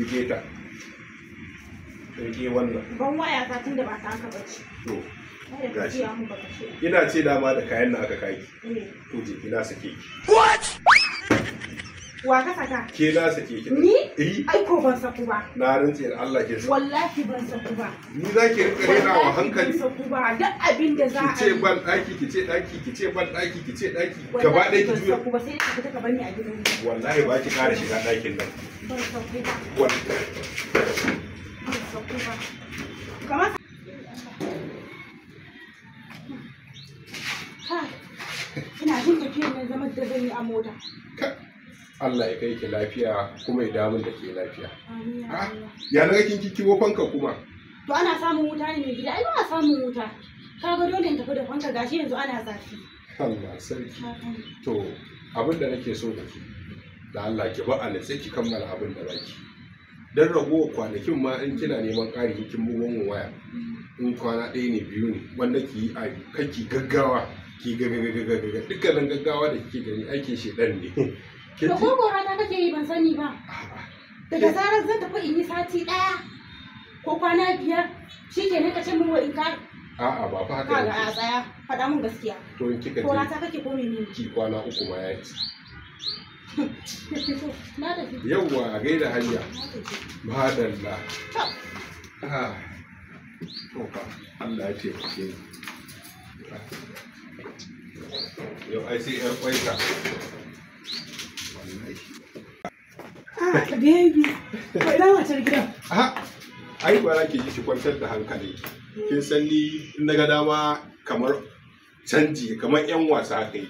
rike ta wannan ban waya ta tun da ba ta haka bace to gashi ina ce dama da kayan na aka kaki eh. to je ina sake ki what Wa ka saka? Ke na sake ki. Ni? Eh. Ai ko ban saku ba. Na rantse da Allah ke saku. Wallahi ban saku ba. Ni za ki rena wa hankali. Ban saku ba. Duk abin da za a Ki ce ban daki, ki ce daki, ki ce ban daki, ki ce daki. Gaba ɗaya ki juya. Ban saku ba sai ka fita ka bar ni a gidan. Wallahi ba ki kara shiga ɗakin nan. Ban saku ba. Kamar Ina jin tafiyar nan zama da zan yi a mota. Allah ya kai ki lafiya kuma ya damun da ke lafiya. Ya na kin kiwo fanka kuma? To ana samun wuta ne mai gida, ai ba samun wuta. Ka ga dole in tafi da fanka gashi yanzu ana zafi. Allah sarki. To abin da nake so da ke, da Allah ki ba Allah sai ki kammala abin da baki. Dan ragowa kwanakin ma in kina neman ƙari kin bugon waya. Mm. In kwana ɗaya ne biyu ne wanda ki yi a kaki gaggawa ki gaggawa dukkanin gaggawa da kike gani aikin ɗan ne. da ko gora ta kake yi ban sani ba daga zarar zan tafi in yi sati ɗaya ko kwana biyar shi ke nika ce min in kar a'a ba fa haka ne a tsaya faɗa min gaskiya to in kika gora ta kake ko menene ki kwana uku ma ya ci yawwa a gaida hanya madalla ah. to fa Allah ya taimake ni yau ai sai 'yan kwaita baby ina matar gidan a ai ba za ki ji shi kwantar da hankali kin san ni in daga dama kamar canji kamar yan wasa kai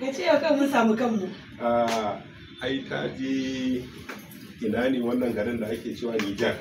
ka ce yau kan mun samu kanmu a ai ta je ina ne wannan garin da ake cewa Nijar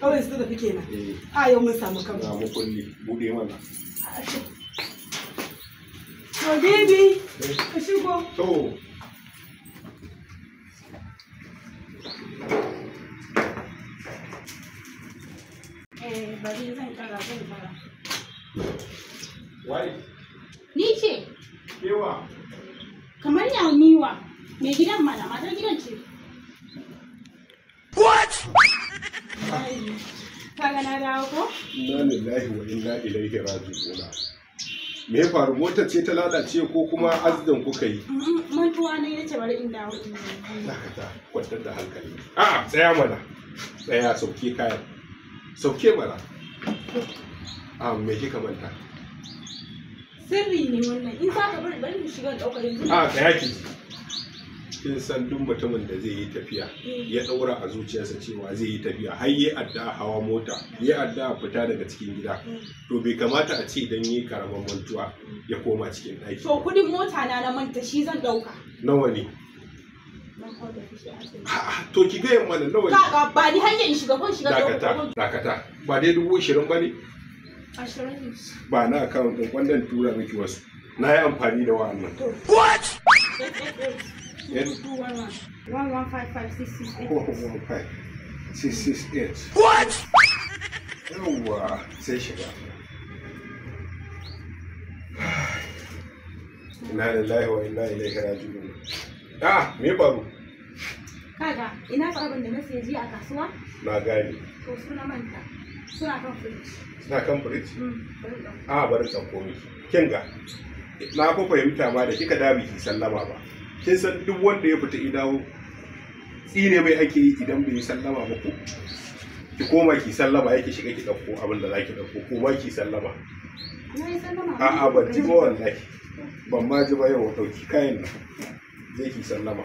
kawai su da fike na eh. a yau mun samu kanmu mu kulli bude mana to baby eh. ka shigo to bari ni ce kewa kamar ya niwa mai gidan mana matar gidan ce what kaga na dawo ko inna lillahi wa inna ilaihi raji'un me ya faru motar ce ta lalace ko kuma azidan kuka yi mm, mm, mantuwa ne ya ce bari in dawo dakata kwantar da hankali a'a tsaya mana tsaya sauke kayan sauke mana a ah, me kika manta sirri ne wannan in za ka bari bari mu shiga ɗaukar yanzu a ah, tsaya kin san duk mutumin da zai yi tafiya eh. ya daura a zuciyarsa cewa zai yi tafiya har yi addu'a hawa mota yi addu'a fita daga cikin gida eh. to bai kamata a ce idan yi karaman mantuwa ya koma cikin ɗaki to kuɗin mota na na manta shi zan ɗauka nawa ne to ki ga yamma da nawa ka ba ni hanyar shiga ban shiga dakata dakata ba dai dubu ishirin ba ne ba na account din wannan tura miki wasu na yi amfani da wa'annan what What? Yawwa sai shiga. Ina lillahi wa inna ilaihi raji'un. Ah, me faru? kaga ina tsarabin da na siya jiya a kasuwa na gani to suna manta suna kan firij suna kan firij mm, a bari ɗan komi kin ga na ko fahimta ma da kika dabi ki sallama ba kin san duk wanda ya fita ina tsine mai ake yi idan bai sallama ba ko ki koma ki sallama yake shiga ki ɗauko abin da zaki ɗauko ko ba ki sallama a'a ban ji ba wallahi ban ma ji ba yau ɗauki kayan nan zai ki sallama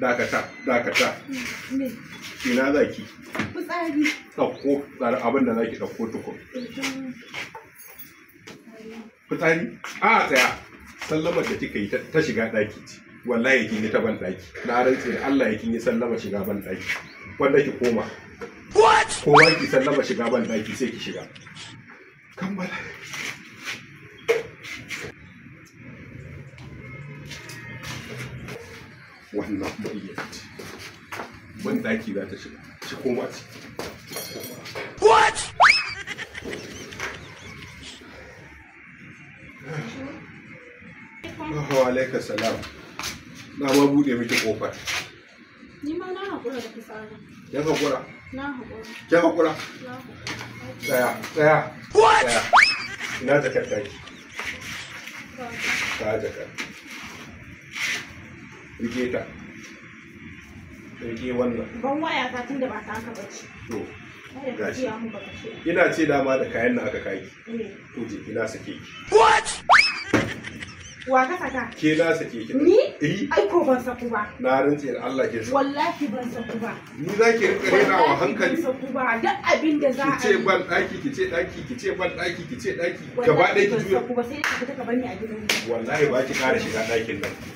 dakata dakata ina za ki fitsari ɗauko tsara abin da za ki ɗauko tukun fitsari a tsaya sallamar da kika yi ta shiga ɗaki ce wallahi kin yi ta ban ɗaki na rantse da Allah yakin yi sallama shiga ban ɗaki wanda ki koma kowa ki sallama shiga ban ɗaki sai ki shiga kammala wannan muryar ban daki za ta shiga ci koma ci wa salam na ma bude miki kofar ni ma na tsaya tsaya tsaya ina jakar daki ta jakar rike ta rike wannan ban waya ka tun da ba ta aka bace to gashi ina ce dama da kayan na aka kai eh. to je ina sake ki what wa ka saka ke na sake ki ni eh ai ko ban saku ba na rantse da Allah ke wallahi ban saku ba ni zaki rika rena wa hankali ban saku ba duk abin da za a ce ban daki ki ce daki ki ce ban daki ki ce daki gaba ɗaya ki juya ban saku ba sai ka fita ka bar ni a gidan wallahi ba ki kare shiga dakin nan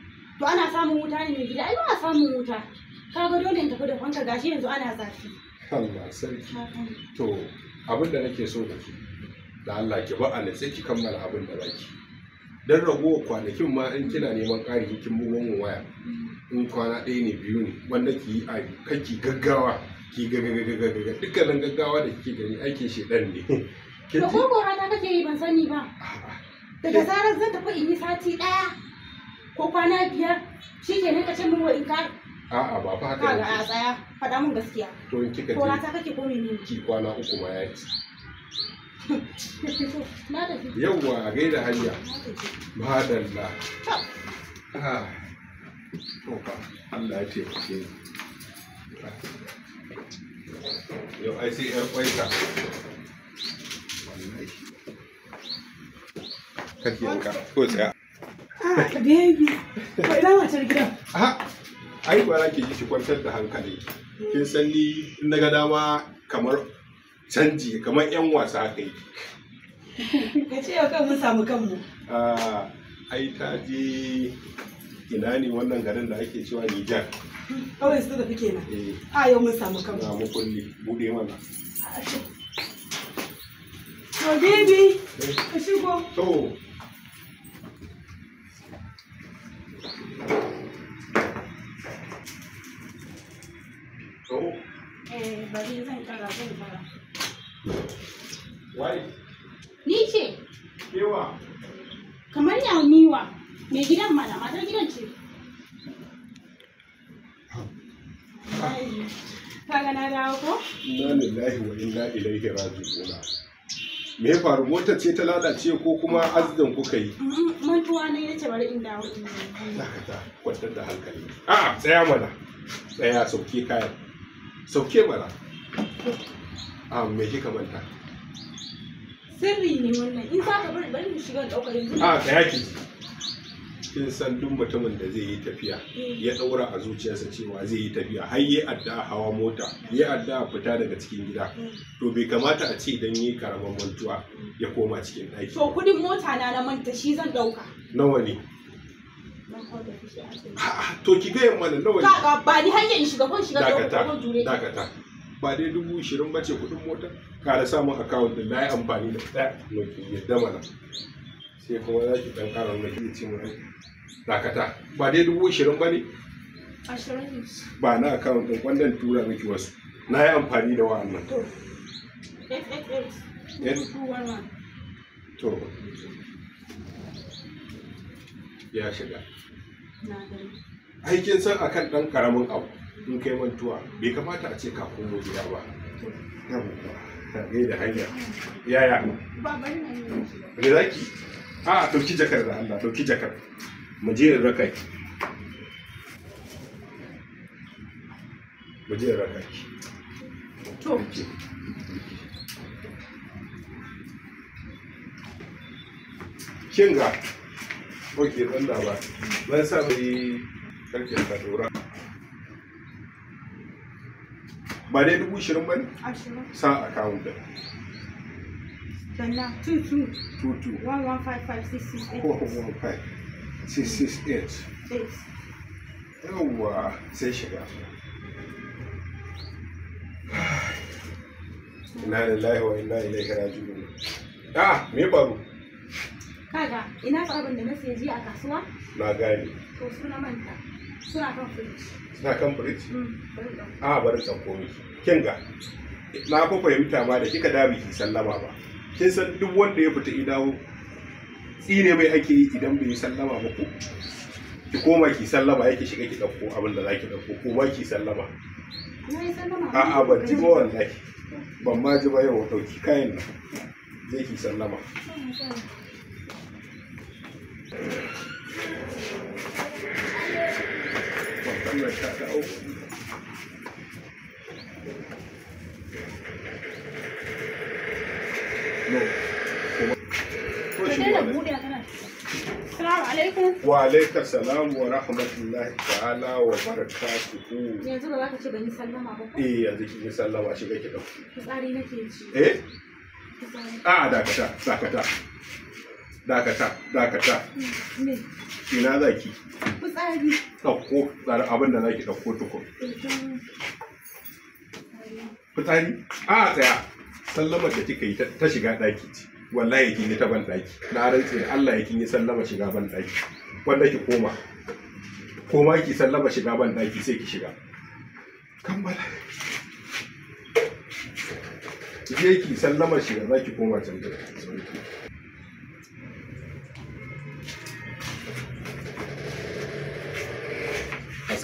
to ana samun wuta ne mai gida ai ba a samun wuta Ka ga dole in tafi da fanka gashi yanzu ana zafi Allah sarki to abin da nake so da ki da Allah ki ba Allah sai ki kammala abin da baki dan ragowa kwanakin ma in kina neman ƙari kin mugun waya in kwana ɗaya ne biyu ne wanda ki yi a kaki gaggawa ki gagagagagaga dukkanin gaggawa da kike gani aikin shi ɗan ne da ko rana kake yi ban sani ba daga zarar zan tafi in yi sati ɗaya ko kwana biyar shi ke ka ce min wa ikar a'a ba fa haka ne a tsaya faɗa mun gaskiya to in kika ko rata kake ko menene ki kwana uku ma ya ci yawwa a gaida hanya madalla ah. to ba Allah ya ce ke yau ai sai yar kwaita wallahi kake yanka ko tsaya Baby, ah, ko ina matar gidan? Aha, ai kuwa ke yi ki kwantar da hankali. Kin san ni in na ga dama kamar canji kamar 'yan wasa aka yi. Ka ce yau kan mun samu kanmu. Ah, ai ta je ina ne wannan garin da ake cewa Nijar. Kawai su da fike na. Eh. A yau mun samu kanmu. Na mu kulli, bude mana. To, baby, eh. ka shigo. To, bari zan tara zan wai ni ce kewa kamar ya niwa mai gidan mana matar gidan ce kaga na dawo ko inna lillahi wa inna ilaihi raji'un me ya faru mota ce ta lalace ko kuma azdan kuka yi mantuwa ne yace bari in dawo dakata kwantar da hankali a ah, tsaya mana tsaya sauke kayan sauke mana Ah, me kika manta sirri ne wannan in za ka bari bari mu shiga daukar yanzu Ah, tsaya haki. kin san duk mutumin da zai yi tafiya eh. ya daura a zuciyarsa cewa zai yi tafiya har yi adda hawa mota yi adda fita daga cikin gida eh. to bai kamata a ce dan yi karaman mantuwa ya koma cikin ɗaki to kudin mota na na manta shi zan dauka nawa ne ah, to ki ga yamma nawa ne ka ba ni hanyar shiga kun shiga dakata dakata ba dai dubu ishirin ba ce kuɗin mota ka da samun akawun da na yi amfani da ɗaya mafi yadda mana sai kuma za ki ɗan ƙara wani ke ce mana dakata ba dai dubu ishirin ba ne ba na akawun ɗin wannan tura miki wasu na yi amfani da wa'annan to ya shiga aikin san akan ɗan ƙaramin abu in kai mantuwa bai kamata a ce ka komo gida ba yawwa da hanya yaya ga zaki a dauki jakar da Allah dauki jakar mu je rakai mu je rakai to kinga ok dan da ba ban sa mai karke ka dora ba dai dubu ishirin ba ne? sa a kawo yawwa sai shiga ina da ina me faru kaga ina abin da na sayi a kasuwa na gane to manta suna kan fridge suna kan fridge a mm, bari san komai ah, kin ga na ko fahimta ma da kika da ki sallama ba kin san duk wanda ya fita idawo tsine mai ake yi idan bai sallama ba ko ki koma ki sallama yake shiga ki dauko abin da zaki dauko ko ba ki sallama a'a ban ji ba wallahi ban ma ji ba yau dauki kayan nan zai ki sallama zuwa sha ta uku wa alaikar salamu wa rahmatullahi ta'ala wa barakatuhu yanzu ba ka ce ban yi sallama ba eh yanzu yi sallama nake ci eh? dakata dakata ina za ki fitsari ɗauko tsari abin da za ki ɗauko tukun fitsari a tsaya sallamar da kika yi ta shiga ɗaki ce wallahi kin yi ta ban ɗaki na rantse da Allah ya yi sallama shiga ban ɗaki wanda ki koma koma ki sallama shiga ban ɗaki sai ki shiga kammala je ki sallama shiga za ki koma can da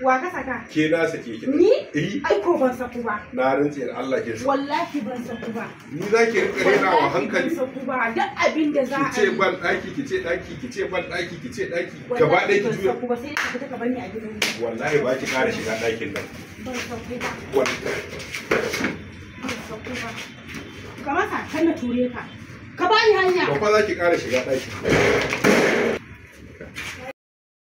Wa ka saka? Ke na sake ki. Ni? Eh. Ai ko ban saku ba. Na rantse da Allah ke Wallahi ban saku ba. Ni za ki rika rena wa hankali. Ban saku ba. Duk abin da za a yi. Ki ce ban ɗaki, ki ce ɗaki, ki ce ban ɗaki, ki ce ɗaki. Gaba ɗaya ki juya. Ban saku ba sai ki ka bar ni a gidan. Wallahi ba ki ƙara shiga ɗakin nan. Ban saku ba. Ban saku ba. Kamar ka kana ture ka. Ka bani hanya. Ba fa za ki ƙara shiga ɗakin.